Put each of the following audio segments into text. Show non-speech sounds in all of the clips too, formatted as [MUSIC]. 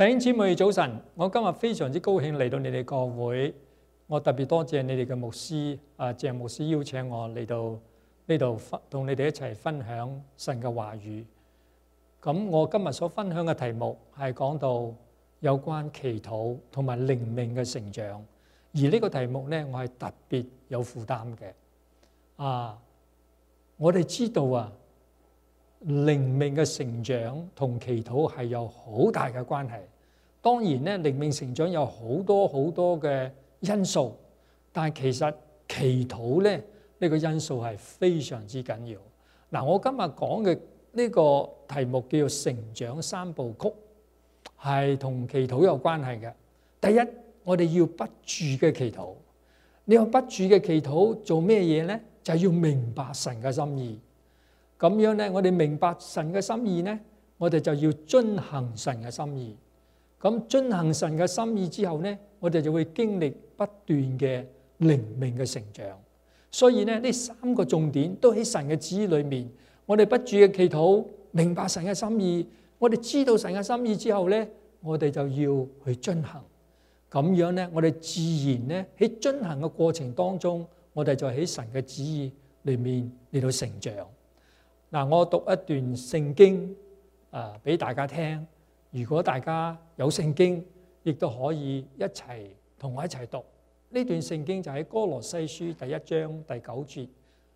弟兄姊妹早晨，我今日非常之高興嚟到你哋教會，我特別多謝你哋嘅牧師啊，鄭牧師邀請我嚟到呢度分同你哋一齊分享神嘅話語。咁我今日所分享嘅題目係講到有關祈禱同埋靈命嘅成長，而呢個題目呢，我係特別有負擔嘅。啊，我哋知道啊。靈命嘅成長同祈禱係有好大嘅關係。當然咧，靈命成長有好多好多嘅因素，但係其實祈禱咧，呢個因素係非常之緊要。嗱，我今日講嘅呢個題目叫做成長三部曲，係同祈禱有關係嘅。第一，我哋要不住嘅祈禱。你話不住嘅祈禱做咩嘢呢？就係要明白神嘅心意。咁樣咧，我哋明白神嘅心意咧，我哋就要遵行神嘅心意。咁遵行神嘅心意之後咧，我哋就會經歷不斷嘅靈命嘅成長。所以咧，呢三個重點都喺神嘅旨意裏面。我哋不住嘅祈禱，明白神嘅心意。我哋知道神嘅心意之後咧，我哋就要去遵行。咁樣咧，我哋自然咧喺遵行嘅過程當中，我哋就喺神嘅旨意裏面嚟到成長。嗱，我讀一段聖經啊，俾、呃、大家聽。如果大家有聖經，亦都可以一齊同我一齊讀呢段聖經。就喺《哥羅西書》第一章第九節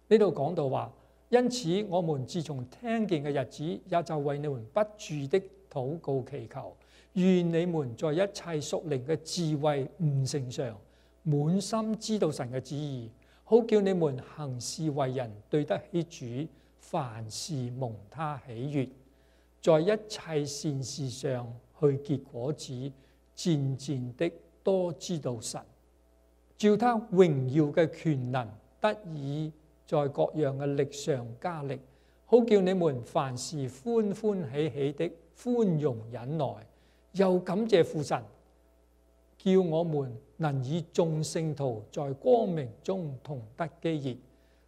呢度講到話，因此我們自從聽見嘅日子，也就為你們不住的禱告祈求，願你們在一切屬靈嘅智慧悟性上，滿心知道神嘅旨意，好叫你們行事為人對得起主。凡事蒙他喜悅，在一切善事上去結果子，漸漸的多知道神，照他榮耀嘅權能，得以在各樣嘅力上加力，好叫你們凡事歡歡喜喜的寬容忍耐，又感謝父神，叫我們能以眾聖徒在光明中同得基業。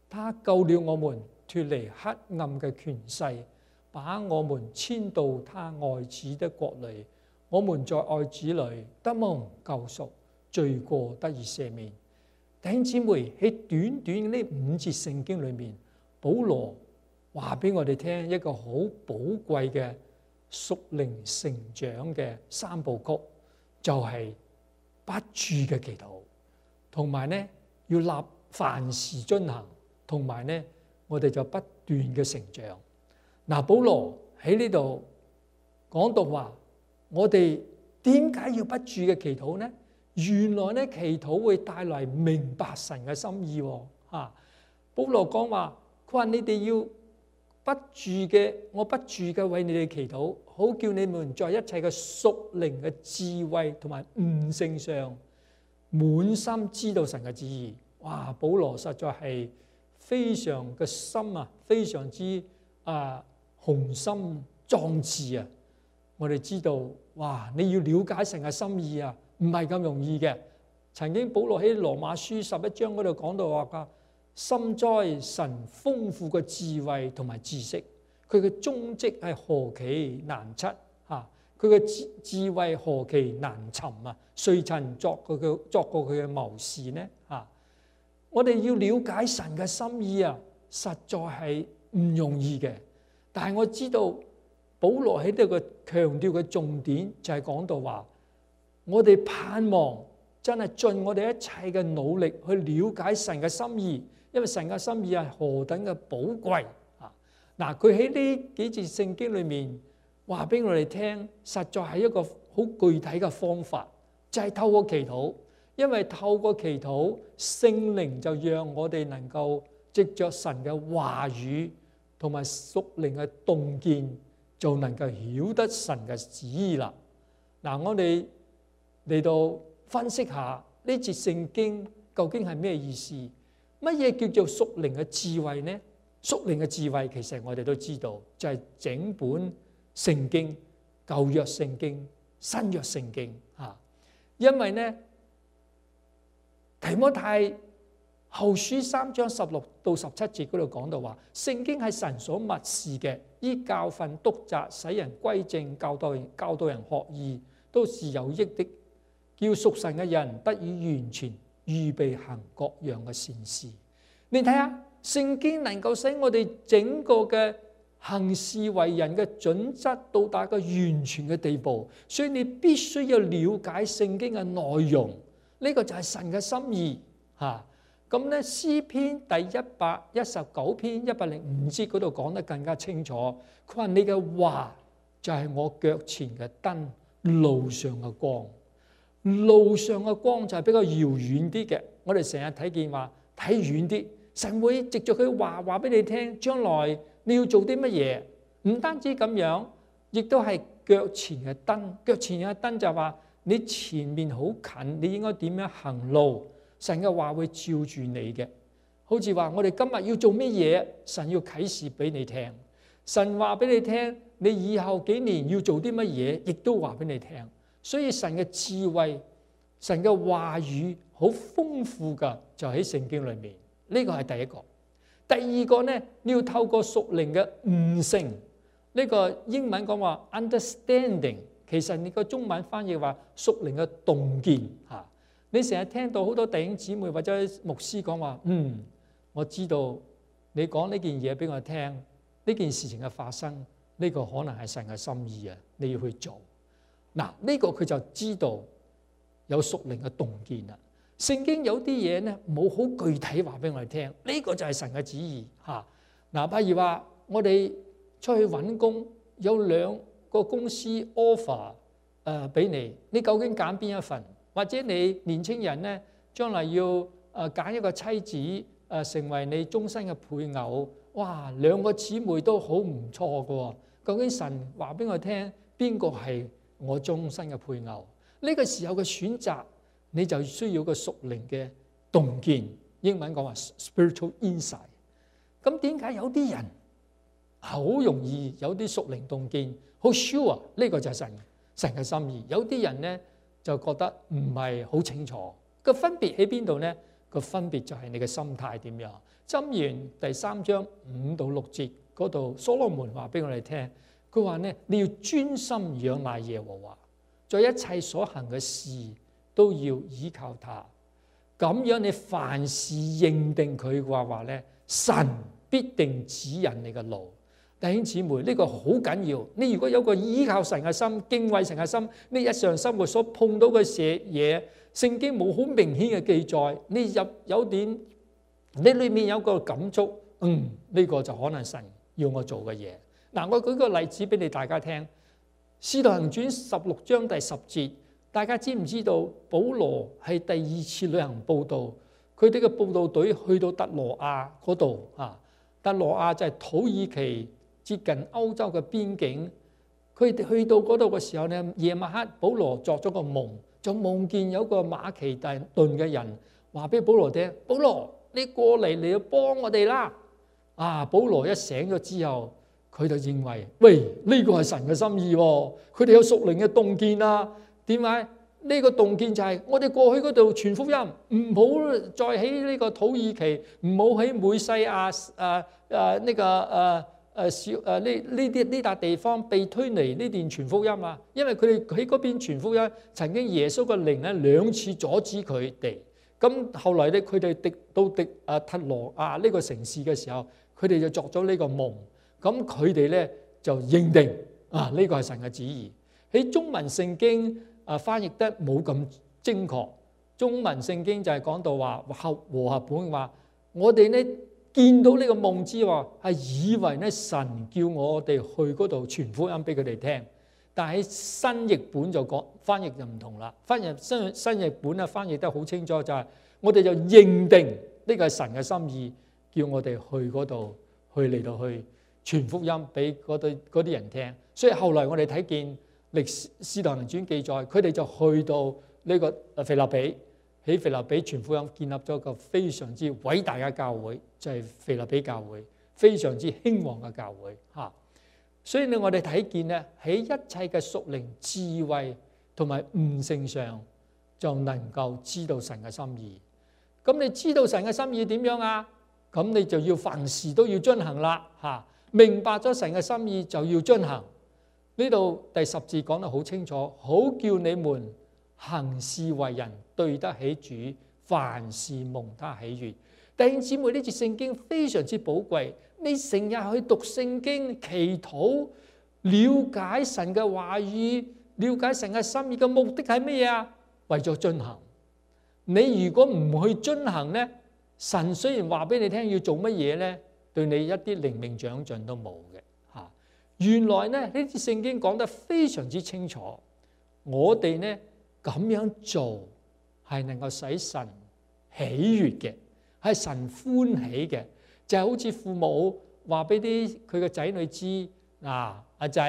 他救了我們。脫離黑暗嘅權勢，把我們遷到他愛子的國裏。我們在愛子裏得蒙救贖，罪過得以赦免。弟兄姊妹，喺短短呢五節聖經裏面，保羅話俾我哋聽一個好寶貴嘅屬靈成長嘅三部曲，就係不住嘅祈禱，同埋呢要立凡事遵行，同埋呢。我哋就不斷嘅成長。嗱，保羅喺呢度講到話，我哋點解要不住嘅祈禱呢？原來呢，祈禱會帶來明白神嘅心意。吓、啊，保羅講話，佢話你哋要不住嘅，我不住嘅為你哋祈禱，好叫你們在一切嘅屬靈嘅智慧同埋悟性上，滿心知道神嘅旨意。哇、啊！保羅實在係。非常嘅深啊，非常之啊雄心壯志啊！我哋知道，哇！你要了解神嘅心意啊，唔係咁容易嘅。曾經保羅喺羅馬書十一章嗰度講到話噶，深哉神豐富嘅智慧同埋知識，佢嘅蹤跡係何其難測啊！佢嘅智智慧何其難尋啊！誰曾作佢嘅作過佢嘅謀士呢？啊！我哋要了解神嘅心意啊，實在係唔容易嘅。但係我知道保羅喺度嘅強調嘅重點就係講到話，我哋盼望真係盡我哋一切嘅努力去了解神嘅心意，因為神嘅心意係何等嘅寶貴啊！嗱，佢喺呢幾節聖經裏面話俾我哋聽，實在係一個好具體嘅方法，就係透過祈禱。因為透過祈禱，聖靈就讓我哋能夠藉着神嘅話語同埋屬靈嘅洞見，就能夠曉得神嘅旨意啦。嗱，我哋嚟到分析下呢節聖經究竟係咩意思？乜嘢叫做屬靈嘅智慧呢？屬靈嘅智慧其實我哋都知道，就係整本聖經、舊約聖經、新約聖經啊。因為呢？提摩太後書三章十六到十七節嗰度講到話，聖經係神所默示嘅，依教訓督責，使人歸正，教導教導人學義，都是有益的，叫屬神嘅人得以完全，預備行各樣嘅善事。你睇下，聖經能夠使我哋整個嘅行事為人嘅準則到達個完全嘅地步，所以你必須要了解聖經嘅內容。呢個就係神嘅心意吓，咁、啊、咧，詩篇第一百一十九篇一百零五節嗰度講得更加清楚。佢話，你嘅話就係我腳前嘅燈，路上嘅光。路上嘅光就係比較遙遠啲嘅，我哋成日睇見話睇遠啲。神會藉着佢話話俾你聽，將來你要做啲乜嘢。唔單止咁樣，亦都係腳前嘅燈，腳前嘅燈就話，你前面好近，你應該點樣行路？神嘅話會照住你嘅，好似話我哋今日要做乜嘢，神要啟示俾你聽。神話俾你聽，你以後幾年要做啲乜嘢，亦都話俾你聽。所以神嘅智慧，神嘅話語好豐富噶，就喺聖經裏面。呢個係第一個，第二個呢，你要透過屬靈嘅悟性，呢個英文講話 understanding。其實你個中文翻譯話屬靈嘅洞見嚇，你成日聽到好多弟兄姊妹或者牧師講話，嗯，我知道你講呢件嘢俾我聽，呢件事情嘅發生，呢、這個可能係神嘅心意啊，你要去做。嗱、啊，呢、這個佢就知道有屬靈嘅洞見啦。聖經有啲嘢咧冇好具體話俾我哋聽，呢、這個就係神嘅旨意嚇。嗱、啊，譬、啊、如話我哋出去揾工有兩。個公司 offer 誒俾你，你究竟揀邊一份？或者你年青人咧，將來要誒揀一個妻子誒成為你終身嘅配偶？哇，兩個姊妹都好唔錯嘅喎。究竟神話俾我聽，邊個係我終身嘅配偶？呢個時候嘅選擇，你就需要個屬靈嘅洞見。英文講話 spiritual insight。咁點解有啲人好容易有啲屬靈洞見？好 sure 啊，呢個就係神神嘅心意。有啲人咧就覺得唔係好清楚個分別喺邊度咧，個分別就係你嘅心態點樣？《箴言》第三章五到六節嗰度，所羅門話俾我哋聽，佢話咧，你要專心仰賴耶和華，在一切所行嘅事都要依靠他。咁樣你凡事認定佢嘅話，咧，神必定指引你嘅路。弟兄姊妹，呢個好緊要。你如果有個依靠神嘅心、敬畏神嘅心，你日常生活所碰到嘅事嘢，聖經冇好明顯嘅記載，你入有點，你裏面有個感觸，嗯，呢個就可能神要我做嘅嘢。嗱，我舉個例子俾你大家聽。《使徒行傳》十六章第十節，大家知唔知道保羅係第二次旅行報道，佢哋嘅報道隊去到特羅亞嗰度啊，特羅亞就係土耳其。接近歐洲嘅邊境，佢哋去到嗰度嘅時候咧，夜晚黑保羅作咗個夢，就夢見有個馬其頓嘅人話俾保羅聽：，保羅，你過嚟你要幫我哋啦！啊，保羅一醒咗之後，佢就認為：，喂，呢個係神嘅心意，佢哋有屬靈嘅洞見啊！點解呢個洞見就係我哋過去嗰度傳福音，唔好再喺呢個土耳其，唔好喺美西亞誒誒呢個誒，誒少誒呢呢啲呢笪地方被推離呢段傳福音啊，因為佢哋喺嗰邊傳福音，曾經耶穌嘅靈咧兩次阻止佢哋。咁後嚟咧，佢哋跌到跌阿特羅亞呢個城市嘅時候，佢哋就作咗呢個夢。咁佢哋咧就認定啊，呢、這個係神嘅旨意。喺中文聖經啊，翻譯得冇咁精確。中文聖經就係、是、講到話合和合本話，我哋呢。見到呢個夢之話，係以為咧，神叫我哋去嗰度傳福音俾佢哋聽，但喺新譯本就講，翻譯就唔同啦。翻譯新新譯本咧，翻譯得好清楚就係、是、我哋就認定呢個係神嘅心意，叫我哋去嗰度去嚟到去傳福音俾嗰啲人聽。所以後來我哋睇見《歷史大能傳》記載，佢哋就去到呢個腓立比。喺腓立比傳福音，建立咗一個非常之偉大的教會，就係腓立比教會，非常之興旺嘅教會。吓，所以咧，我哋睇見咧，喺一切嘅屬靈智慧同埋悟性上，就能夠知道神嘅心意。咁你知道神嘅心意點樣啊？咁你就要凡事都要遵行啦。吓，明白咗神嘅心意就要遵行。呢度第十字講得好清楚，好叫你們。行事為人對得起主，凡事蒙他喜悅。弟兄姊妹，呢節聖經非常之寶貴。你成日去讀聖經、祈禱、了解神嘅話語、了解神嘅心意嘅目的係乜嘢啊？為咗遵行。你如果唔去遵行咧，神雖然話俾你聽要做乜嘢咧，對你一啲靈命長進都冇嘅吓。原來呢呢節聖經講得非常之清楚，我哋呢。咁樣做係能夠使神喜悅嘅，係神歡喜嘅，就係好似父母話俾啲佢嘅仔女知，嗱，阿仔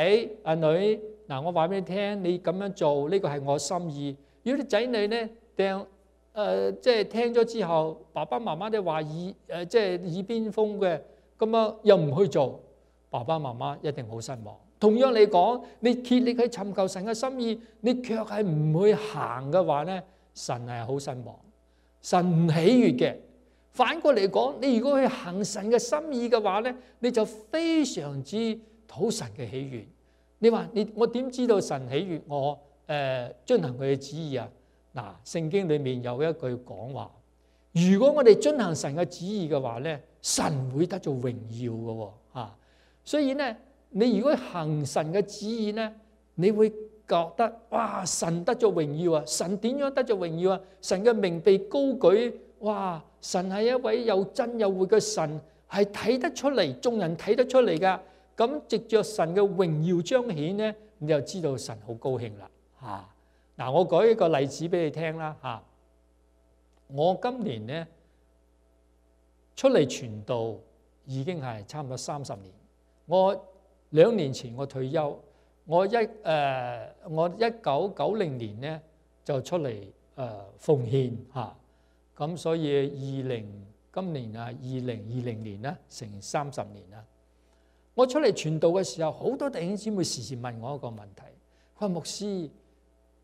阿女，嗱，我話俾你聽，你咁樣做呢個係我心意。如果啲仔女咧掟誒，即係聽咗之後，爸爸媽媽都話耳誒，即係耳邊風嘅，咁啊又唔去做，爸爸媽媽一定好失望。同樣嚟講，你竭力去尋求神嘅心意，你卻係唔去行嘅話咧，神係好失望，神唔喜悅嘅。反過嚟講，你如果去行神嘅心意嘅話咧，你就非常之討神嘅喜悅。你話你我點知道神喜悅我？誒、呃，遵行佢嘅旨意啊！嗱，聖經裡面有一句講話：「如果我哋遵行神嘅旨意嘅話咧，神會得到榮耀嘅喎嚇。雖然、啊、所以咧。你如果行神嘅旨意呢，你會覺得哇，神得咗榮耀啊！神點樣得咗榮耀啊？神嘅名被高舉，哇！神係一位又真又活嘅神，係睇得出嚟，眾人睇得出嚟噶。咁藉着神嘅榮耀彰顯呢，你就知道神好高興啦。吓，嗱，我舉一個例子俾你聽啦。吓，我今年呢出嚟傳道已經係差唔多三十年，我。兩年前我退休，我一誒、呃、我一九九零年咧就出嚟誒、呃、奉獻嚇，咁、啊、所以二零今年啊二零二零年啦，成三十年啦。我出嚟傳道嘅時候，好多弟兄姊妹時時問我一個問題：佢話牧師，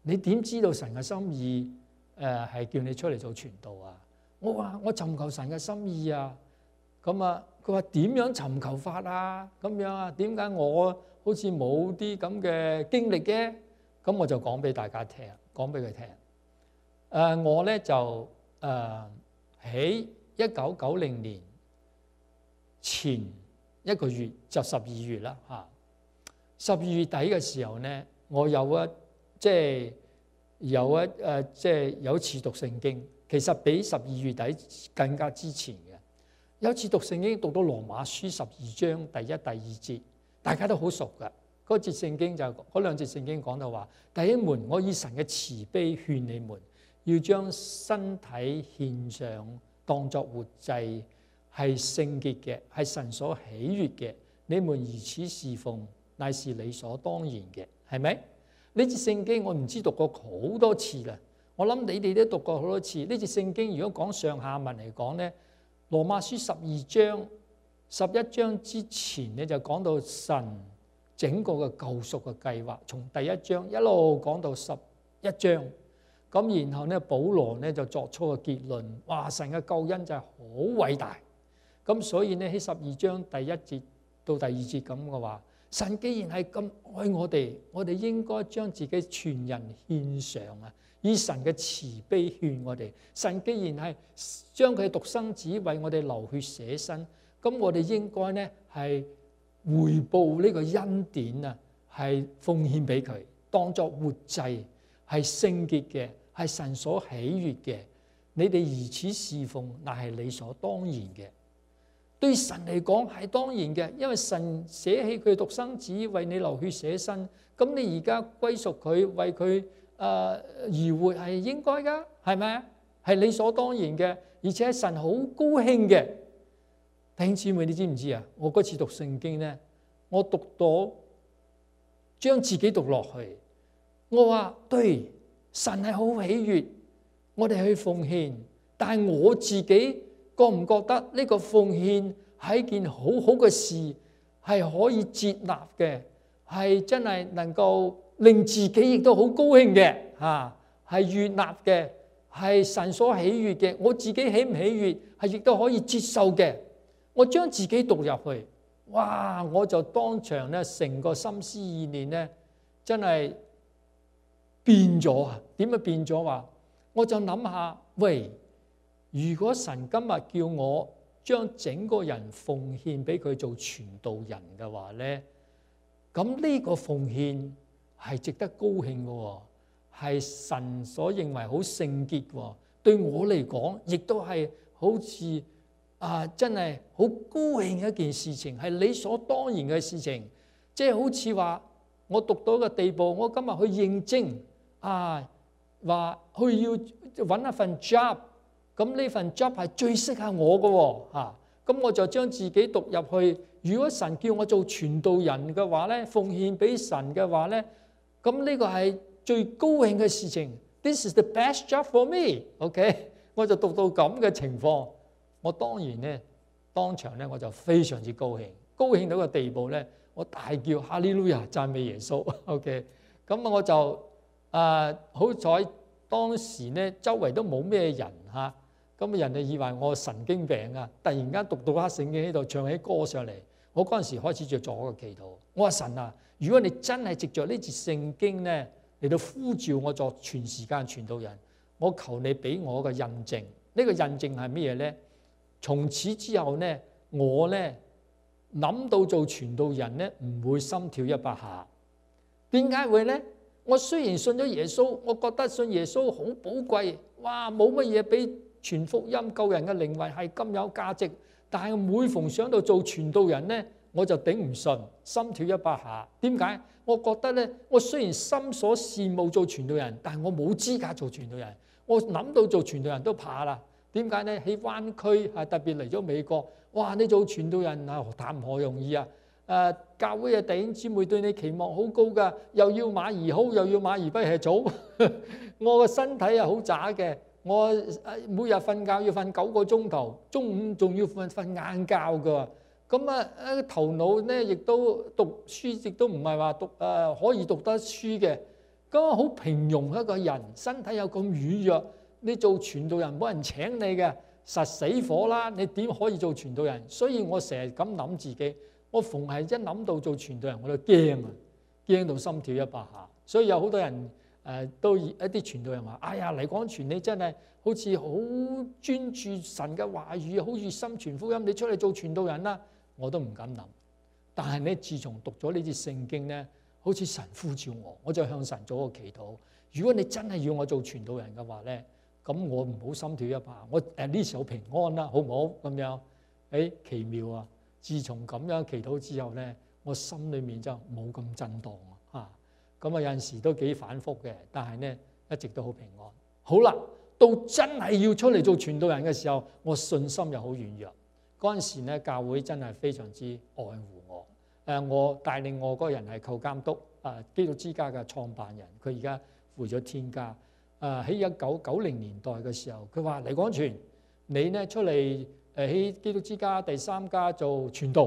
你點知道神嘅心意？誒、呃、係叫你出嚟做傳道啊？我話我尋求神嘅心意啊，咁啊。佢話點樣尋求法啊？咁樣啊？點解我好似冇啲咁嘅經歷嘅？咁我就講俾大家聽，講俾佢聽。誒，我咧就誒喺一九九零年前一個月就十二月啦嚇。十二月底嘅時候咧，我有啊即係有一誒，即係有次讀聖經，其實比十二月底更加之前嘅。有次讀聖經，讀到羅馬書十二章第一、第二節，大家都好熟噶。嗰節聖經就嗰兩節聖經講到話：弟兄們，我以神嘅慈悲勸你們，要將身體獻上，當作活祭，係聖潔嘅，係神所喜悅嘅。你們如此侍奉，乃是理所當然嘅，係咪？呢節聖經我唔知讀過好多次啦，我諗你哋都讀過好多次。呢節聖經如果講上下文嚟講咧。羅馬書十二章十一章之前咧，就講到神整個嘅救贖嘅計劃，從第一章一路講到十一章，咁然後咧保羅咧就作出個結論，哇！神嘅救恩真係好偉大，咁所以咧喺十二章第一節到第二節咁嘅話，神既然係咁愛我哋，我哋應該將自己全人獻上啊！以神嘅慈悲勸我哋，神既然係將佢獨生子為我哋流血捨身，咁我哋應該呢係回報呢個恩典啊，係奉獻俾佢，當作活祭，係聖潔嘅，係神所喜悅嘅。你哋如此侍奉，乃係理所當然嘅。對神嚟講係當然嘅，因為神捨棄佢獨生子為你流血捨身，咁你而家歸屬佢，為佢。誒、呃，而活係應該噶，係咪啊？係理所當然嘅，而且神好高興嘅。弟兄姊妹，你知唔知啊？我嗰次讀聖經咧，我讀到將自己讀落去，我話對神係好喜悅，我哋去奉獻，但係我自己覺唔覺得呢個奉獻係一件好好嘅事，係可以接納嘅，係真係能夠。令自己亦都好高興嘅，吓係悅納嘅，係神所喜悅嘅。我自己喜唔喜悅，係亦都可以接受嘅。我將自己讀入去，哇！我就當場咧，成個心思意念咧，真係變咗啊！點樣變咗話？我就諗下，喂，如果神今日叫我將整個人奉獻俾佢做傳道人嘅話咧，咁呢個奉獻，係值得高興嘅、哦，係神所認為好聖潔嘅、哦。對我嚟講，亦都係好似啊，真係好高興嘅一件事情，係理所當然嘅事情。即係好似話，我讀到一個地步，我今日去應徵啊，話去要搵一份 job，咁呢份 job 係最適合我嘅吓、哦。咁、啊、我就將自己讀入去。如果神叫我做傳道人嘅話咧，奉獻俾神嘅話咧。咁呢個係最高興嘅事情，This is the best job for me。OK，我就讀到咁嘅情況，我當然咧當場咧我就非常之高興，高興到個地步咧，我大叫哈利路亞讚美耶穌。OK，咁我就啊好彩當時咧周圍都冇咩人吓，咁、啊、人哋以為我神經病啊！突然間讀到黑聖經喺度唱起歌上嚟，我嗰陣時開始就做我嘅祈禱，我話神啊！如果你真係藉着呢節聖經呢嚟到呼召我作全時間傳道人，我求你俾我個印證。呢個印證係乜嘢呢？從此之後呢，我呢諗到做傳道人呢，唔會心跳一百下。點解會呢？我雖然信咗耶穌，我覺得信耶穌好寶貴。哇，冇乜嘢比傳福音救人嘅靈魂係咁有價值。但係每逢想到做傳道人呢。我就頂唔順，心跳一百下。點解？我覺得咧，我雖然心所羨慕做傳道人，但係我冇資格做傳道人。我諗到做傳道人都怕啦。點解咧？喺灣區啊，特別嚟咗美國，哇！你做傳道人啊，談何容易啊！誒、啊，教會啊，弟兄姊妹對你期望好高㗎，又要馬兒好，又要馬兒不吃草。 [LAUGHS] 我個身體係好渣嘅，我每日瞓覺要瞓九個鐘頭，中午仲要瞓瞓晏覺㗎。咁啊！啊，頭腦咧亦都讀書，亦都唔係話讀啊、呃，可以讀得書嘅。咁啊，好平庸一個人，身體又咁軟弱，你做傳道人冇人請你嘅，實死火啦！你點可以做傳道人？所以我成日咁諗自己，我逢係一諗到做傳道人，我就驚啊，驚到心跳一百下。所以有好多人誒、呃、都一啲傳道人話，哎呀，黎廣傳，你真係好似好專注神嘅話語，好熱心傳福音，你出嚟做傳道人啦！我都唔敢諗，但係咧自從讀咗呢支聖經咧，好似神呼召我，我就向神做一個祈禱。如果你真係要我做傳道人嘅話咧，咁我唔好心跳一拍。我誒呢時候平安啦、啊，好唔好？咁樣誒奇妙啊！自從咁樣祈禱之後咧，我心裏面就冇咁震盪啊！吓咁啊、嗯、有陣時都幾反覆嘅，但係咧一直都好平安。好啦，到真係要出嚟做傳道人嘅時候，我信心又好軟弱。嗰陣時咧，教會真係非常之愛護我。誒，我帶領我嗰個人係靠監督。誒，基督之家嘅創辦人，佢而家返咗天家。誒，喺一九九零年代嘅時候，佢話，黎光全，你呢出嚟誒喺基督之家第三家做傳道。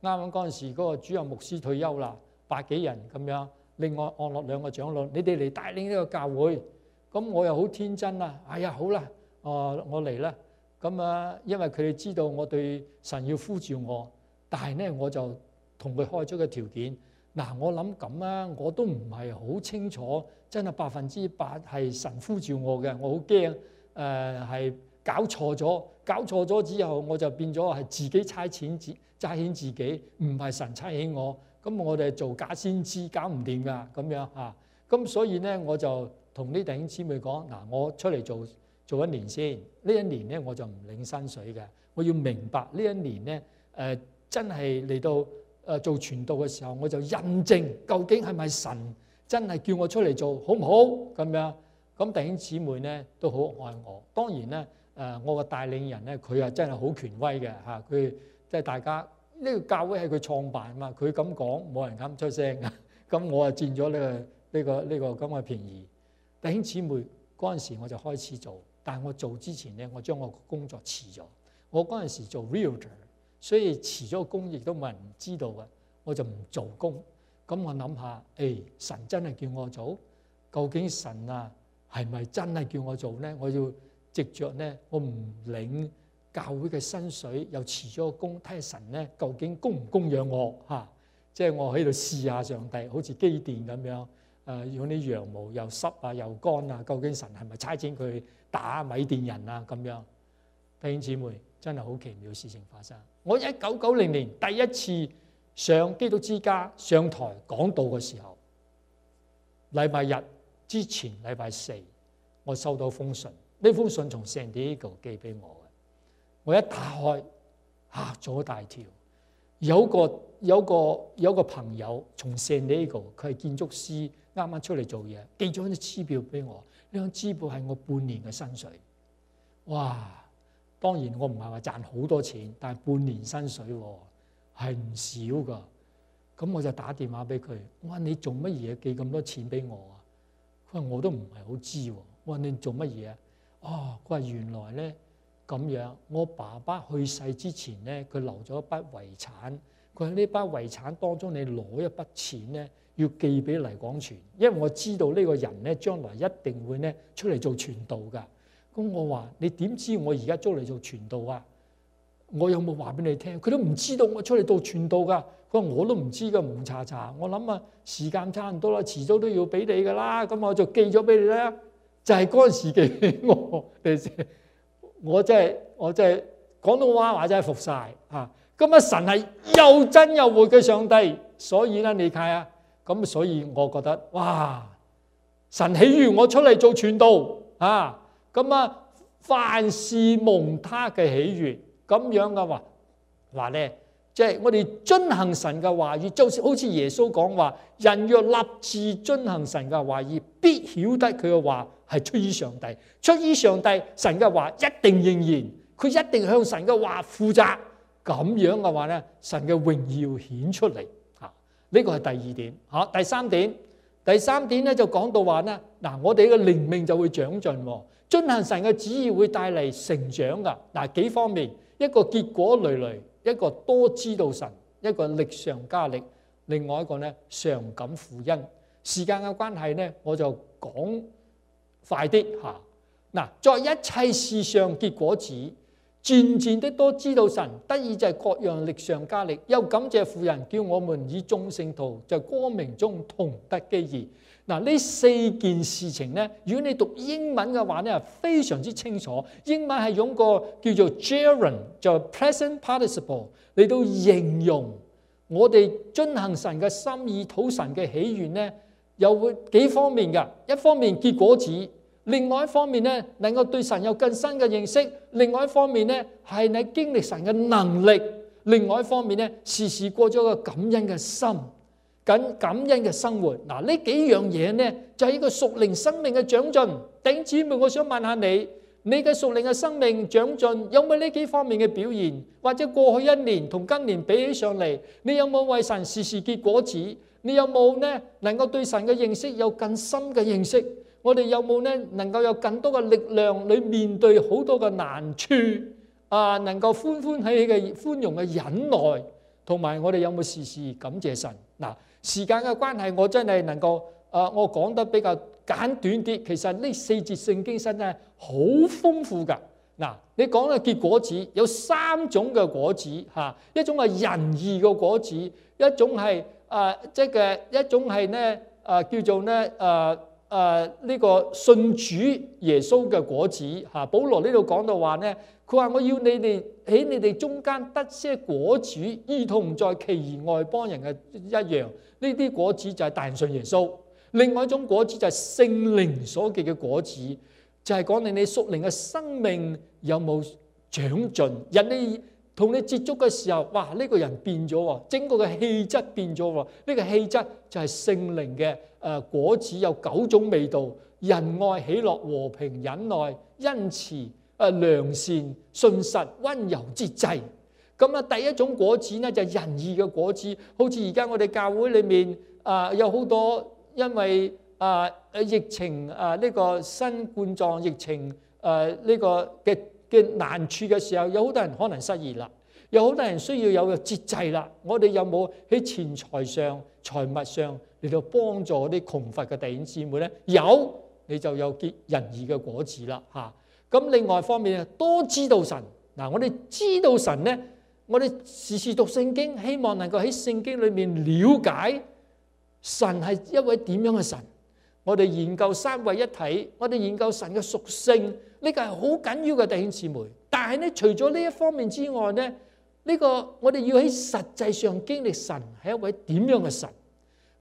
啱啱嗰陣時，嗰個主任牧師退休啦，百幾人咁樣，另外我按落兩個長老，你哋嚟帶領呢個教會。咁我又好天真啦。哎呀，好啦，哦，我嚟啦。咁啊，因為佢哋知道我對神要呼召我，但係咧我就同佢開出個條件。嗱，我諗咁啊，我都唔係好清楚，真係百分之百係神呼召我嘅。我好驚誒，係、呃、搞錯咗，搞錯咗之後，我就變咗係自己差遣自差遣自己，唔係神差遣我。咁我哋做假先知搞唔掂噶咁樣嚇。咁、啊、所以咧我就同啲弟兄姊妹講，嗱，我出嚟做，做一年先，呢一年咧我就唔領薪水嘅。我要明白呢一年咧，誒、呃、真係嚟到誒做傳道嘅時候，我就印證究竟係咪神真係叫我出嚟做好唔好咁樣？咁弟兄姊妹咧都好愛我。當然咧，誒我個帶領人咧佢啊真係好權威嘅嚇，佢即係大家呢個教會係佢創辦嘛，佢咁講冇人敢出聲嘅。咁我啊佔咗呢個呢個呢個咁嘅、呢個、便宜。弟兄姊妹嗰陣時我就開始做。但係我做之前咧，我將我個工作辭咗。我嗰陣時做 realtor，所以辭咗個工亦都冇人唔知道嘅，我就唔做工。咁我諗下，誒、哎、神真係叫我做，究竟神啊係咪真係叫我做咧？我要執着咧，我唔領教會嘅薪水，又辭咗個工，睇下神咧究竟供唔供養我嚇？即係我喺度試下上帝，好似基甸咁樣，誒、呃、用啲羊毛又濕啊又乾啊，究竟神係咪差錢佢？打米電人啊，咁樣弟兄姊妹真係好奇妙事情發生。我一九九零年第一次上基督之家上台講道嘅時候，禮拜日之前禮拜四，我收到封信，呢封信從 San Diego 寄俾我嘅。我一打開吓咗、啊、一大跳，有個有個有個朋友從 San Diego，佢係建築師，啱啱出嚟做嘢，寄咗張支票俾我。支布係我半年嘅薪水，哇！當然我唔係話賺好多錢，但係半年薪水係唔少噶。咁、嗯、我就打電話俾佢，我話你做乜嘢寄咁多錢俾我啊？佢話我都唔係好知。我話你做乜嘢啊？哦，佢話原來咧咁樣，我爸爸去世之前咧，佢留咗一筆遺產。佢話呢筆遺產當中你，你攞一筆錢咧要寄俾黎廣全，因為我知道呢個人咧將來一定會咧出嚟做傳道噶。咁我話你點知我而家租嚟做傳道啊？我有冇話俾你聽？佢都唔知道我出嚟做傳道噶。佢話我都唔知噶，蒙查查。我諗啊，時間差唔多啦，遲早都要俾你噶啦。咁我就寄咗俾你啦。就係嗰陣時寄俾 [LAUGHS] [LAUGHS] 我真，我即係我真係講到我話話真係服晒啊！咁啊，神係又真又活嘅上帝，所以咧、啊，你睇下。咁所以，我覺得哇，神喜悅我出嚟做傳道啊！咁啊，凡事蒙他嘅喜悅，咁樣嘅話，嗱咧，即係我哋遵行神嘅話語，就好似耶穌講話，人若立志遵行神嘅話語，必曉得佢嘅話係出於上帝，出於上帝，神嘅話一定應驗，佢一定向神嘅話負責，咁樣嘅話咧，神嘅榮耀顯出嚟。呢個係第二點，吓、啊、第三點，第三點咧就講到話咧，嗱我哋嘅靈命就會長進，遵、啊、行神嘅旨意會帶嚟成長噶。嗱、啊，幾方面，一個結果累累，一個多知道神，一個力上加力，另外一個咧常感父恩。時間嘅關係咧，我就講快啲吓。嗱、啊，在一切事上結果子。漸漸的多知道神，得以就係各樣力上加力，又感謝富人叫我們以眾聖徒就是、光明中同得基業。嗱，呢四件事情呢，如果你讀英文嘅話呢，非常之清楚。英文係用個叫做 gerund 就 present participle 嚟到形容我哋遵行神嘅心意、討神嘅喜悦咧，有幾方面噶。一方面結果子……另外一方面咧，能夠對神有更深嘅認識；另外一方面咧，係你經歷神嘅能力；另外一方面咧，時時過咗個感恩嘅心，咁感恩嘅生活。嗱，呢幾樣嘢咧，就係一個屬靈生命嘅長進。弟兄姊妹，我想問下你：你嘅屬靈嘅生命長進有冇呢幾方面嘅表現？或者過去一年同今年比起上嚟，你有冇為神時時結果子？你有冇呢？能夠對神嘅認識有更深嘅認識？我哋有冇咧，能夠有更多嘅力量去面對好多嘅難處啊？能夠歡歡喜喜嘅寬容嘅忍耐，同埋我哋有冇時時感謝神嗱？時間嘅關係，我真係能夠誒，我講得比較簡短啲。其實呢四節聖經書咧，好豐富㗎嗱。你講嘅結果子有三種嘅果子嚇，一種係仁義嘅果子，一種係誒即係一種係咧誒叫做咧誒。呃誒呢個信主耶穌嘅果子嚇，保羅呢度講到話咧，佢話我要你哋喺你哋中間得些果子，如同在其餘外邦人嘅一樣。呢啲果子就係大信耶穌，另外一種果子就係聖靈所結嘅果子，就係、是、講你你屬靈嘅生命有冇長進，人哋。同你接觸嘅時候，哇！呢、這個人變咗喎，整個嘅氣質變咗喎。呢、這個氣質就係聖靈嘅誒果子，有九種味道：仁愛、喜樂、和平、忍耐、恩慈、誒良善、信實、温柔節制。咁啊，第一種果子呢，就係仁義嘅果子，好似而家我哋教會裏面啊、呃，有好多因為啊誒、呃、疫情啊呢、呃這個新冠狀疫情誒呢、呃這個嘅。嘅難處嘅時候，有好多人可能失業啦，有好多人需要有個節制啦。我哋有冇喺錢財上、財物上嚟到幫助啲窮乏嘅弟兄姊妹咧？有，你就有結仁義嘅果子啦。嚇、啊！咁另外一方面咧，多知道神嗱、啊，我哋知道神咧，我哋時時讀聖經，希望能夠喺聖經裏面了解神係一位點樣嘅神。我哋研究三位一體，我哋研究神嘅屬性，呢個係好緊要嘅，弟兄姊妹。但係咧，除咗呢一方面之外咧，呢個我哋要喺實際上經歷神係一位點樣嘅神，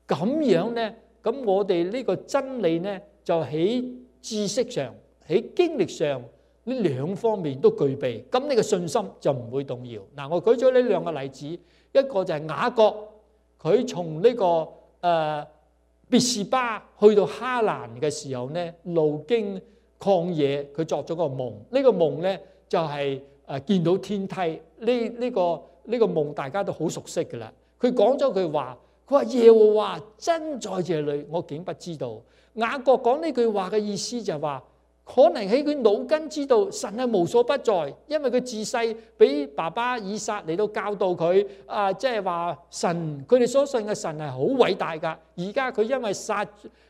咁樣咧，咁我哋呢個真理咧就喺知識上、喺經歷上呢兩方面都具備，咁呢個信心就唔會動搖。嗱，我舉咗呢兩個例子，一個就係雅各，佢從呢個誒。別士巴去到哈蘭嘅時候呢，路經曠野，佢作咗個夢。呢、這個夢呢，就係誒見到天梯。呢、這、呢個呢、這個夢大家都好熟悉嘅啦。佢講咗句話，佢話耶和華真在這裡，我竟不知道。雅各講呢句話嘅意思就係、是、話。可能喺佢腦筋知道神係無所不在，因為佢自細俾爸爸以撒嚟到教導佢啊、呃，即係話神佢哋所信嘅神係好偉大噶。而家佢因為殺誒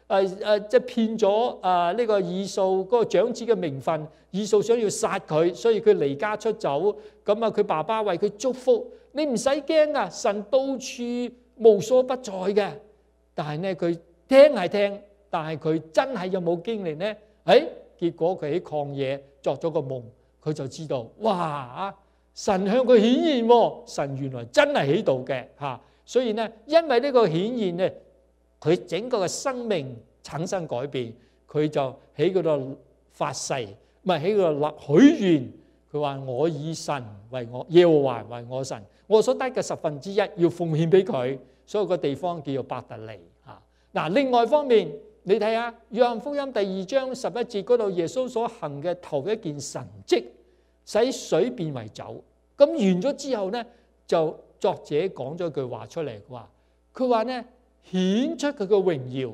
誒即係騙咗啊呢個以掃嗰個長子嘅名分，以掃想要殺佢，所以佢離家出走。咁啊，佢爸爸為佢祝福，你唔使驚噶，神到處無所不在嘅。但係咧，佢聽係聽，但係佢真係有冇經歷咧？誒、哎？結果佢喺曠野作咗個夢，佢就知道，哇！神向佢顯現，神原來真係喺度嘅吓。所以呢，因為呢個顯現呢，佢整個嘅生命產生改變，佢就喺嗰度發誓，唔係喺嗰度立許願。佢話我以神為我，耶和華為我神，我所得嘅十分之一要奉獻俾佢。所以個地方叫做伯特利吓。嗱，另外方面。你睇下《約翰福音》第二章十一節嗰度，耶穌所行嘅頭一件神蹟，使水變為酒。咁完咗之後咧，就作者講咗句話出嚟，話佢話咧顯出佢嘅榮耀，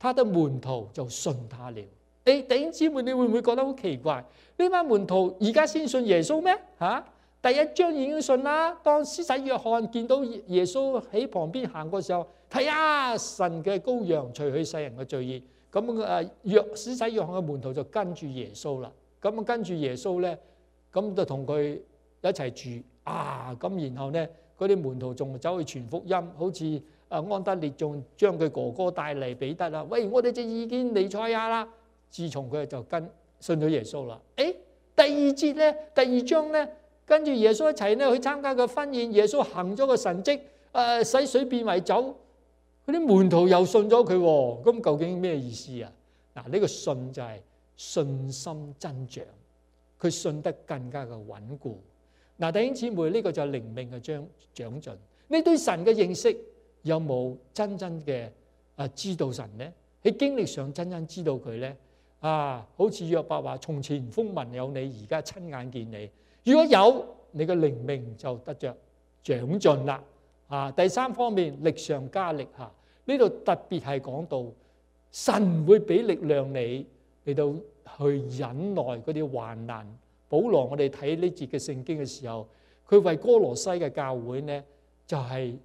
他的門徒就信他了。誒，弟兄姊妹，你會唔會覺得好奇怪？呢班門徒而家先信耶穌咩？吓？第一章已經信啦。當施洗約翰見到耶穌喺旁邊行嘅時候，睇啊，神嘅羔羊除去世人嘅罪孽。咁啊，約施洗約翰嘅門徒就跟，耶穌跟，耶穌就跟住耶穌啦。咁跟住耶穌咧，咁就同佢一齊住啊。咁然後咧，嗰啲門徒仲走去傳福音，好似啊安德烈仲將佢哥哥帶嚟彼得啊。喂，我哋只意經彌賽亞啦。自從佢就跟信咗耶穌啦。誒，第二節咧，第二章咧。跟住耶穌一齊咧去參加個婚宴，耶穌行咗個神跡，誒、呃、使水變為酒，佢啲門徒又信咗佢喎。咁、嗯、究竟咩意思啊？嗱，呢、這個信就係信心增長，佢信得更加嘅穩固。嗱，弟兄姊妹，呢、這個就係靈命嘅長長進。你對神嘅認識有冇真真嘅誒、呃、知道神咧？喺經歷上真真知道佢咧啊？好似約伯話：從前風聞有你，而家親眼見你。如果有你嘅靈命就得着長進啦。啊，第三方面，力上加力吓，呢度特別係講到神會俾力量你嚟，到去忍耐嗰啲患難。保羅，我哋睇呢節嘅聖經嘅時候，佢為哥羅西嘅教會呢，就係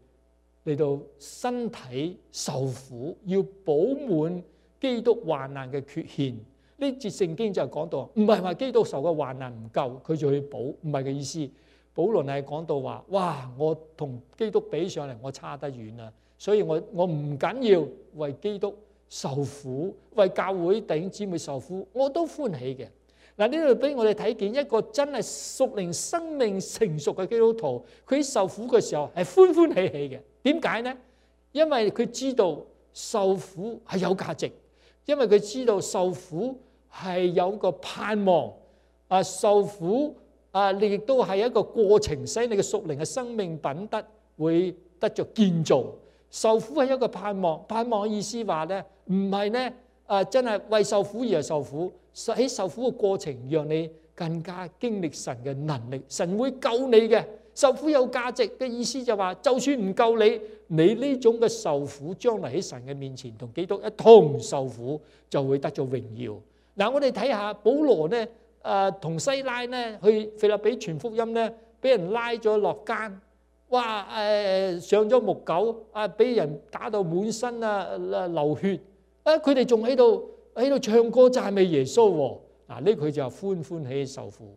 嚟到身體受苦，要補滿基督患難嘅缺陷。呢節聖經就講到，唔係話基督受嘅患難唔夠，佢就去補，唔係嘅意思。保羅係講到話：「哇，我同基督比上嚟，我差得遠啊！所以我我唔緊要，要為基督受苦，為教會弟兄姊妹受苦，我都歡喜嘅。嗱，呢度俾我哋睇見一個真係屬靈生命成熟嘅基督徒，佢受苦嘅時候係歡歡喜喜嘅。點解呢？因為佢知道受苦係有價值，因為佢知道受苦。係有個盼望，啊受苦啊，你亦都係一個過程，使你嘅屬靈嘅生命品德會得着建造。受苦係一個盼望，盼望嘅意思話咧，唔係咧啊，真係為受苦而受苦，喺受苦嘅過程，讓你更加經歷神嘅能力。神會救你嘅，受苦有價值嘅意思就話，就算唔救你，你呢種嘅受苦，將來喺神嘅面前同基督一同受苦，就會得咗榮耀。嗱，我哋睇下保羅咧，誒同西拉咧去腓立比傳福音咧，俾人拉咗落監，哇誒上咗木狗，啊俾人打到滿身啊流血，啊佢哋仲喺度喺度唱歌讚美耶穌喎，嗱呢佢就歡歡喜喜受苦，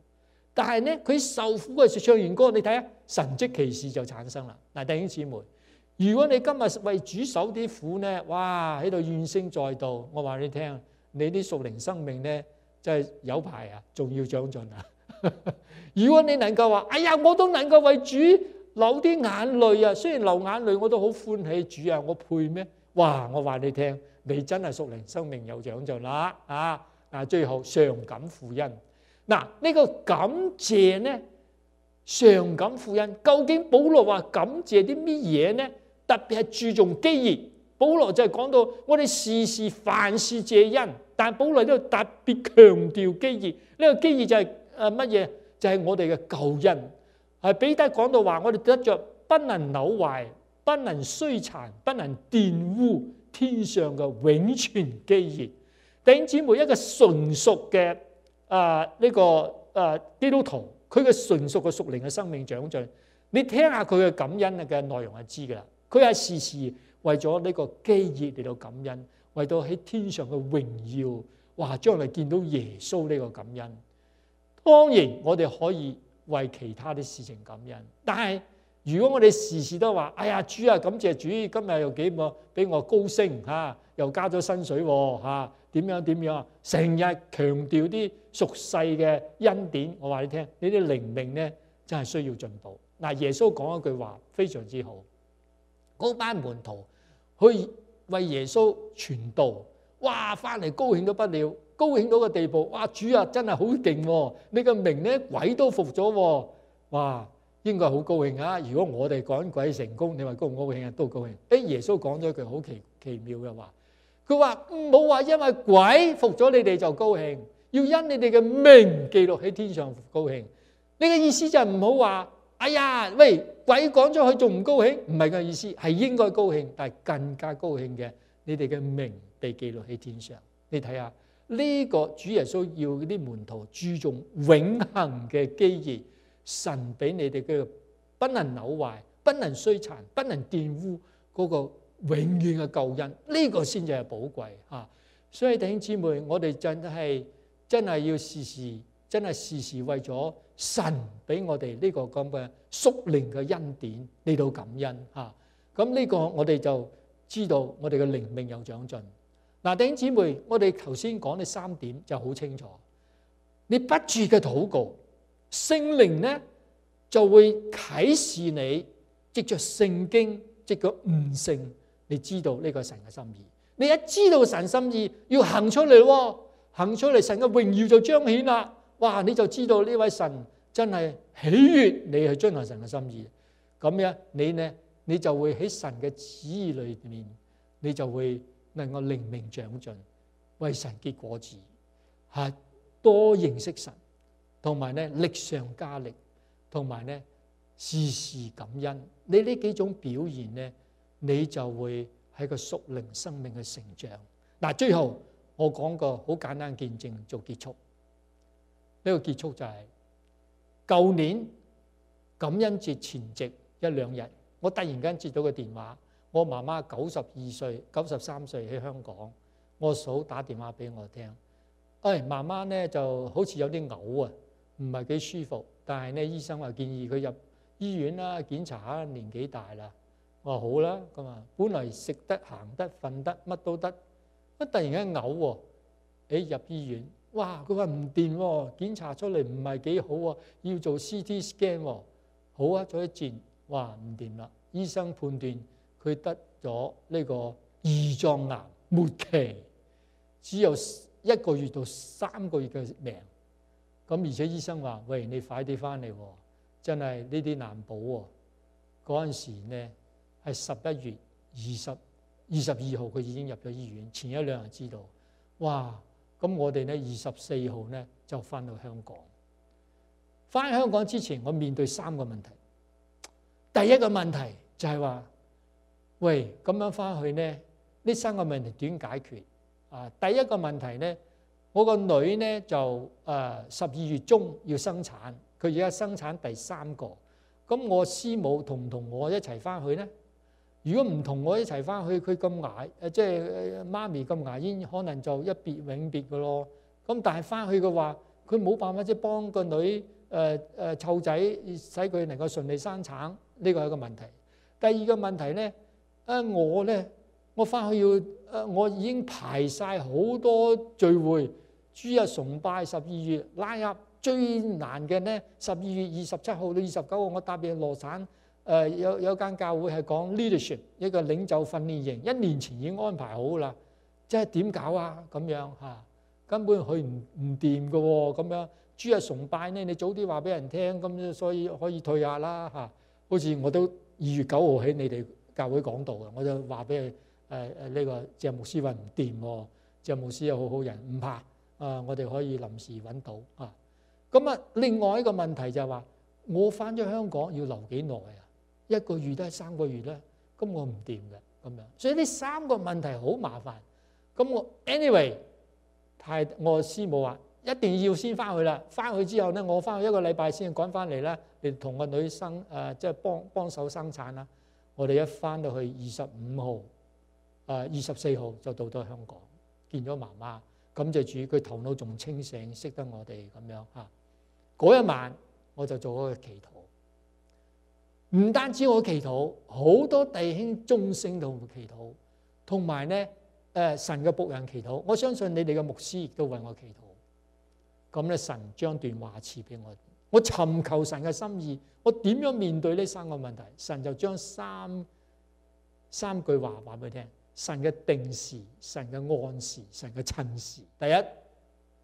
但係咧佢受苦嗰陣時唱完歌，你睇啊神蹟奇事就產生啦。嗱弟兄姊妹，如果你今日為主受啲苦咧，哇喺度怨聲載道，我話你聽。你啲屬靈生命咧，真係有排啊，仲要長進啊！ [LAUGHS] 如果你能夠話，哎呀，我都能夠為主流啲眼淚啊，雖然流眼淚我都好歡喜主啊，我配咩？哇！我話你聽，你真係屬靈生命有長進啦啊！啊，最後常感父恩。嗱、啊，呢、這個感謝咧，常感父恩究竟保羅話感謝啲乜嘢咧？特別係注重基業。保羅就係講到我哋事事凡事，謝恩」，但係保羅都特別強調基業呢、呢個基業就係誒乜嘢？就係、是、我哋嘅救恩係。彼得講到話，我哋得着不能扭壞，不能衰殘，不能玷污天上嘅永存基業。弟兄姊妹，一個純屬嘅誒呢個誒、啊、基督徒，佢嘅純屬嘅屬靈嘅生命長進，你聽下佢嘅感恩嘅內容就知噶啦。佢係時事。為咗呢個基業嚟到感恩，為到喺天上嘅榮耀，哇！將來見到耶穌呢個感恩，當然我哋可以為其他的事情感恩。但係如果我哋時時都話：哎呀，主啊，感謝主，今日又幾冇俾我高升吓、啊，又加咗薪水吓，點樣點樣啊？成日強調啲俗世嘅恩典，我話你聽，你啲靈命咧真係需要進步。嗱、啊，耶穌講一句話非常之好。嗰班門徒去為耶穌傳道，哇！翻嚟高興到不了，高興到個地步，哇！主啊，真係好勁，你個名咧鬼都服咗，哇！應該好高興啊！如果我哋趕鬼成功，你話高唔高興啊？都高興。誒，耶穌講咗一句好奇奇妙嘅話，佢話唔好話因為鬼服咗你哋就高興，要因你哋嘅名記錄喺天上高興。你嘅意思就唔好話。哎呀，喂，鬼講咗佢仲唔高興？唔係個意思，係應該高興，但係更加高興嘅，你哋嘅名被記錄喺天上。你睇下呢個主耶穌要啲門徒注重永恆嘅基業，神俾你哋嘅不能扭壞，不能摧殘，不能玷污嗰個永遠嘅救恩，呢個先至係寶貴啊！所以弟兄姊妹，我哋真係真係要時時。真係事事為咗神俾我哋呢個咁嘅宿靈嘅恩典，呢度感恩吓。咁、啊、呢、這個我哋就知道我哋嘅靈命有長進。嗱、啊，弟兄姊妹，我哋頭先講嘅三點就好清楚。你不住嘅禱告，聖靈呢就會啟示你，即着聖經，即着悟性，你知道呢個神嘅心意。你一知道神心意，要行出嚟，行出嚟，神嘅榮耀就彰顯啦。哇！你就知道呢位神真係喜悦你去遵行神嘅心意，咁樣你呢，你就會喺神嘅旨意裏面，你就會能夠靈命長進，為神結果子，係多認識神，同埋呢力上加力，同埋呢時時感恩。你呢幾種表現呢，你就會喺個屬靈生命嘅成長。嗱，最後我講個好簡單見證做結束。呢個結束就係、是、舊年感恩節前夕一兩日，我突然間接到個電話，我媽媽九十二歲、九十三歲喺香港，我嫂打電話俾我聽。誒、哎，媽媽咧就好似有啲嘔啊，唔係幾舒服，但係咧醫生話建議佢入醫院啦，檢查下，年紀大啦。我話好啦，咁啊，本嚟食得行得瞓得乜都得，乜突然間嘔喎，誒入醫院。哇！佢話唔掂，檢查出嚟唔係幾好啊，要做 CT scan。好啊，再一轉。哇，唔掂啦！醫生判斷佢得咗呢個胰臟癌末期，只有一個月到三個月嘅命。咁而且醫生話：「喂，你快啲翻嚟，真係呢啲難保。嗰陣時呢，係十一月二十、二十二號，佢已經入咗醫院。前一兩日知道，哇！咁我哋咧二十四號咧就返到香港。返香港之前，我面對三個問題。第一個問題就係話：喂，咁樣返去咧，呢三個問題點解決啊？第一個問題咧，我個女咧就誒十二月中要生產，佢而家生產第三個，咁我師母同唔同我一齊返去咧？如果唔同我一齊翻去，佢咁牙，誒即係媽咪咁牙煙，可能就一別永別嘅咯。咁但係翻去嘅話，佢冇辦法即係幫個女誒誒湊仔，使佢能夠順利生產，呢、這個係一個問題。第二個問題咧，啊我咧，我翻去要誒、呃，我已經排晒好多聚會，主日崇拜十二月，拉入最難嘅咧，十二月二十七號到二十九號，我搭便羅產。誒有有間教會係講 leadership 一個領袖訓練營，一年前已經安排好啦。即係點搞啊？咁樣嚇，根本佢唔唔掂㗎喎。咁樣主日崇拜咧，你早啲話俾人聽，咁所以可以退下啦嚇。好似我都二月九號喺你哋教會講道嘅，我就話俾佢誒誒呢個謝牧師話唔掂喎。謝牧師係好好人，唔怕啊！我哋可以臨時揾到啊。咁啊，另外一個問題就係話我翻咗香港要留幾耐啊？一個月都係三個月咧，咁我唔掂嘅咁樣，所以呢三個問題好麻煩。咁我 anyway，太我師母話一定要先翻去啦。翻去之後咧，我翻去一個禮拜先趕翻嚟啦。同個女生誒、呃、即係幫幫手生產啦。我哋一翻到去二十五號啊二十四號就到咗香港，見咗媽媽。感謝主，佢頭腦仲清醒，識得我哋咁樣嚇。嗰、啊、一晚我就做咗個祈禱。唔單止我祈禱，好多弟兄眾聖都祈禱，同埋咧，誒、呃、神嘅僕人祈禱。我相信你哋嘅牧師亦都為我祈禱。咁咧，神將段話賜俾我。我尋求神嘅心意，我點樣面對呢三個問題？神就將三三句話話俾你聽。神嘅定時，神嘅按時，神嘅趁時。第一，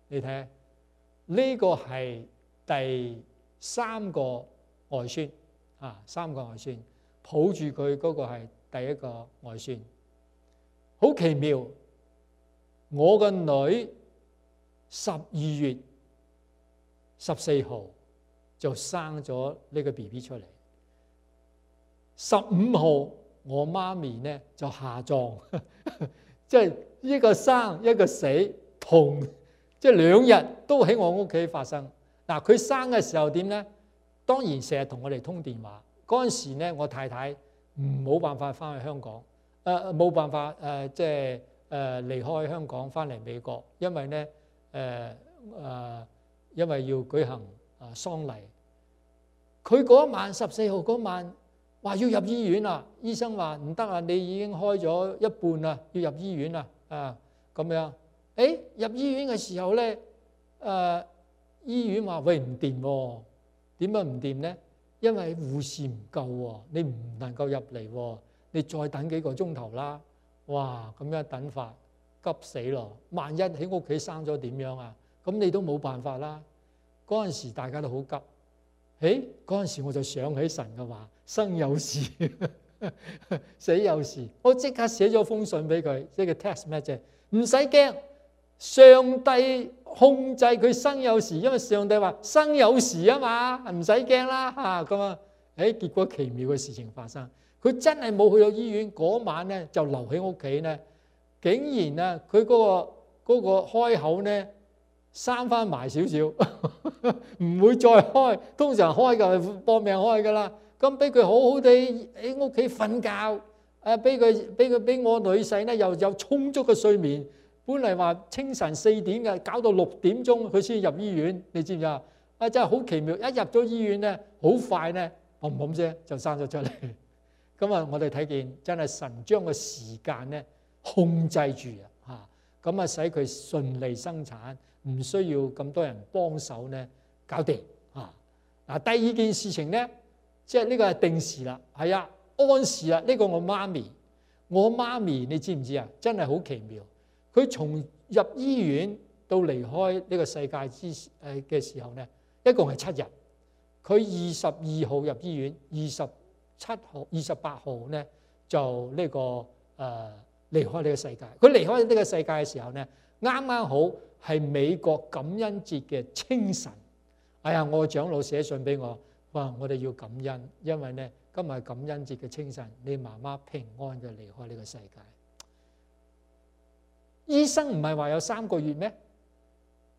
你睇呢、呢個係第三個外孫。啊，三個外孫，抱住佢嗰個係第一個外孫，好奇妙！我個女十二月十四號就生咗呢個 BB 出嚟，十五號我媽咪呢就下葬，即 [LAUGHS] 係一個生一個死，同即係兩日都喺我屋企發生。嗱，啊，佢生嘅時候點呢？當然成日同我哋通電話嗰陣時咧，我太太唔冇辦法翻去香港，誒、呃、冇辦法誒、呃，即係誒離開香港翻嚟美國，因為咧誒誒，因為要舉行誒喪禮。佢嗰一晚十四號嗰晚話要入醫院啦，醫生話唔得啊，你已經開咗一半啦，要入醫院啊，啊咁樣。誒入醫院嘅時候咧，誒、呃、醫院話喂，唔掂喎。點解唔掂咧？因為護士唔夠喎，你唔能夠入嚟喎，你再等幾個鐘頭啦。哇，咁樣等法急死咯！萬一喺屋企生咗點樣啊？咁你都冇辦法啦。嗰陣時大家都好急。誒，嗰陣時我就想起神嘅話：生有時，死有時。我即刻寫咗封信俾佢，即係個 test 咩啫？唔使驚。上帝控制佢生有時，因為上帝話生有時啊嘛，唔使驚啦吓，咁啊！誒，結果奇妙嘅事情發生，佢真係冇去到醫院嗰晚咧，就留喺屋企咧，竟然啊，佢嗰、那個嗰、那個開口咧，閂翻埋少少，唔 [LAUGHS] 會再開，通常開嘅係搏命開噶啦。咁俾佢好好地喺屋企瞓覺，誒、啊，俾佢俾佢俾我女婿咧，又有充足嘅睡眠。本嚟話清晨四點嘅，搞到六點鐘佢先入醫院，你知唔知啊？啊，真係好奇妙！一入咗醫院咧，好快咧，砰砰聲就生咗出嚟。咁 [LAUGHS] 啊，我哋睇見真係神將個時間咧控制住啊，咁啊，使佢順利生產，唔需要咁多人幫手咧搞掂啊。嗱，第二件事情咧，即係呢個係定時啦，係啊，安時啦。呢個我媽咪，我媽咪，你知唔知啊？真係好奇妙。佢從入醫院到離開呢個世界之誒嘅時候呢，一共係七日。佢二十二號入醫院，二十七號、二十八號呢就呢個誒、呃、離開呢個世界。佢離開呢個世界嘅時候呢，啱啱好係美國感恩節嘅清晨。哎呀，我長老寫信俾我，話我哋要感恩，因為呢今日感恩節嘅清晨，你媽媽平安嘅離開呢個世界。醫生唔係話有三個月咩？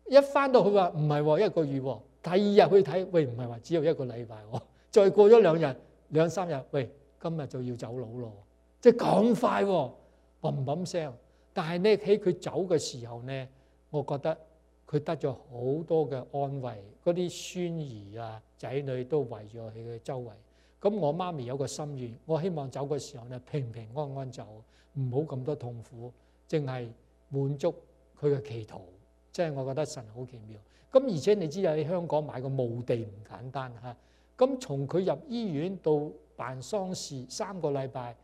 一返到去話唔係喎，一個月喎。第二日去睇，喂，唔係話只有一個禮拜喎，我再過咗兩日、兩三日，喂，今日就要走佬咯，即係講快喎、哦，砰砰聲。但係呢，喺佢走嘅時候呢，我覺得佢得咗好多嘅安慰，嗰啲孫兒啊、仔女都圍住佢周圍。咁我媽咪有個心願，我希望走嘅時候呢，平平安安走，唔好咁多痛苦，淨係。滿足佢嘅祈禱，即係我覺得神好奇妙。咁而且你知喺香港買個墓地唔簡單嚇。咁、啊、從佢入醫院到辦喪事三個禮拜，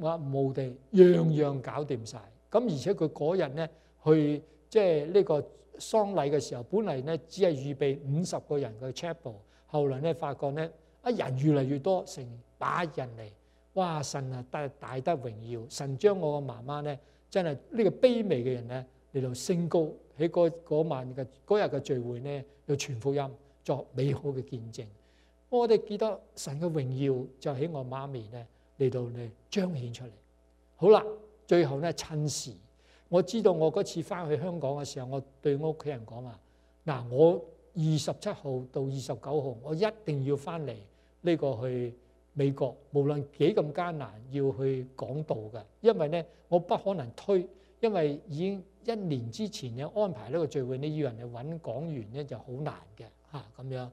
話墓地樣樣搞掂晒。咁而且佢嗰日咧去即係呢個喪禮嘅時候，本嚟咧只係預備五十個人嘅 chapel，後來咧發覺咧啊人越嚟越多，成百人嚟。哇！神啊大大得榮耀，神將我嘅媽媽咧～真係呢個卑微嘅人呢，嚟到升高喺嗰晚嘅嗰日嘅聚會呢，要傳福音作美好嘅見證。我哋記得神嘅榮耀就喺我媽咪呢嚟到嚟彰顯出嚟。好啦，最後呢，趁時，我知道我嗰次翻去香港嘅時候，我對我屋企人講話：嗱，我二十七號到二十九號，我一定要翻嚟呢個去。美國無論幾咁艱難，要去講道嘅，因為咧我不可能推，因為已經一年之前你安排呢個聚會，你要人嚟揾講員咧就好難嘅嚇咁樣。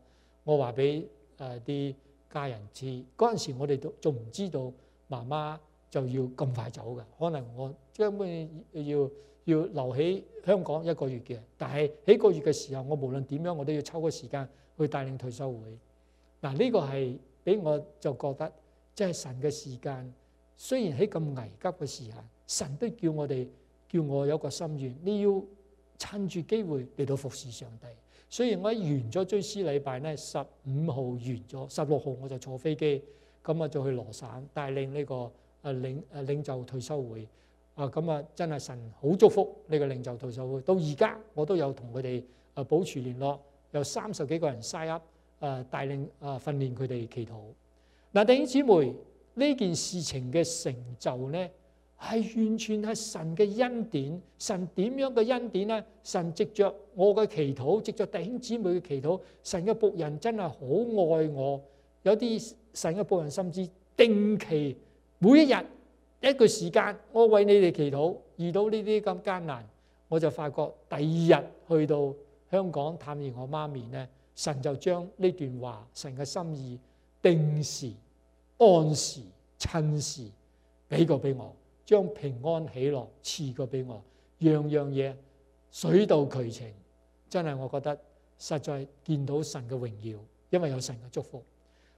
我話俾誒啲家人知，嗰陣時我哋都仲唔知道媽媽就要咁快走嘅，可能我將會要要留喺香港一個月嘅。但係喺個月嘅時候，我無論點樣，我都要抽個時間去帶領退修會。嗱、啊、呢、呢個係。俾我就覺得，即係神嘅時間，雖然喺咁危急嘅時候，神都叫我哋叫我有一個心願，你要趁住機會嚟到服侍上帝。所以我喺完咗追思禮拜咧，十五號完咗，十六號我就坐飛機，咁啊就去羅省帶領呢個誒領誒領袖退休會，啊咁啊真係神好祝福呢個領袖退休會。到而家我都有同佢哋誒保持聯絡，有三十幾個人 sign up。誒、呃、帶領誒、呃、訓練佢哋祈禱。嗱、呃、弟兄姊妹，呢件事情嘅成就呢，係完全係神嘅恩典。神點樣嘅恩典呢？神藉着我嘅祈禱，藉着弟兄姊妹嘅祈禱，神嘅僕人真係好愛我。有啲神嘅僕人甚至定期每一日一個時間，我為你哋祈禱。遇到呢啲咁艱難，我就發覺第二日去到香港探完我媽咪呢。神就將呢段話，神嘅心意，定時、按時、趁時，俾過俾我，將平安喜樂賜過俾我，樣樣嘢水到渠成，真係我覺得實在見到神嘅榮耀，因為有神嘅祝福。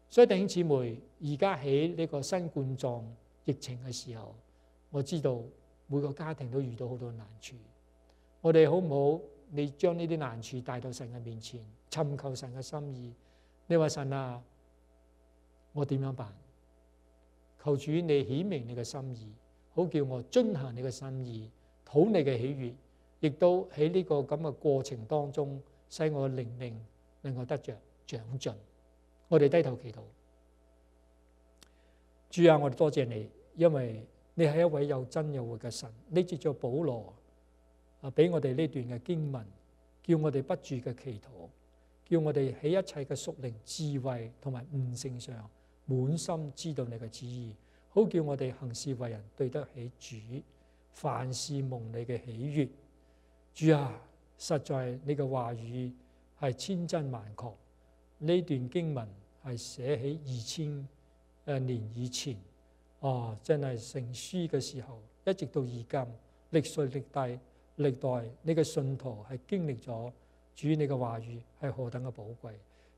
所以弟兄姊妹，而家喺呢個新冠狀疫情嘅時候，我知道每個家庭都遇到好多難處，我哋好唔好？你將呢啲難處帶到神嘅面前，尋求神嘅心意。呢位神啊，我點樣辦？求主你顯明你嘅心意，好叫我遵行你嘅心意，討你嘅喜悅，亦都喺呢、這個咁嘅過程當中，使我靈命令我得着長進。我哋低頭祈禱。主啊，我哋多謝你，因為你係一位又真又活嘅神。你接住保羅。啊！俾我哋呢段嘅經文，叫我哋不住嘅祈禱，叫我哋喺一切嘅屬靈智慧同埋悟性上，滿心知道你嘅旨意，好叫我哋行事為人對得起主。凡事蒙你嘅喜悅，主啊！實在你嘅話語係千真萬確。呢段經文係寫喺二千誒年以前，啊、哦！真係成書嘅時候，一直到而今歷歲歷代。歷代你嘅信徒係經歷咗主你嘅話語係何等嘅寶貴，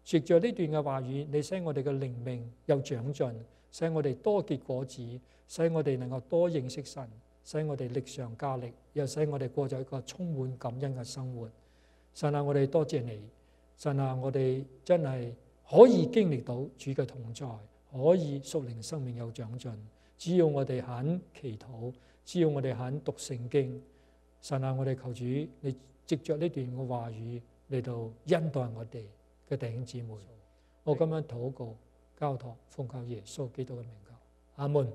藉着呢段嘅話語，你使我哋嘅靈命有長進，使我哋多結果子，使我哋能夠多認識神，使我哋力上加力，又使我哋過咗一個充滿感恩嘅生活。神啊，我哋多謝你，神啊，我哋真係可以經歷到主嘅同在，可以縮令生命有長進。只要我哋肯祈禱，只要我哋肯讀聖經。神啊，我哋求主，你藉着呢段嘅話語嚟到恩待我哋嘅弟兄姊妹。我咁樣禱告、交託、奉靠耶穌基督嘅名求，阿門。